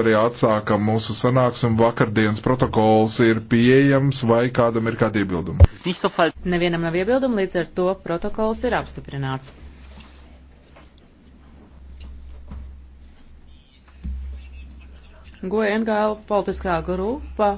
arī atsākam mūsu sanāksmi. Vakardienas protokols ir pieejams vai kādam ir kādi iebildumi? Nevienam nav iebildumi, līdz ar to protokols ir apstiprināts. Goja NGL politiskā grupa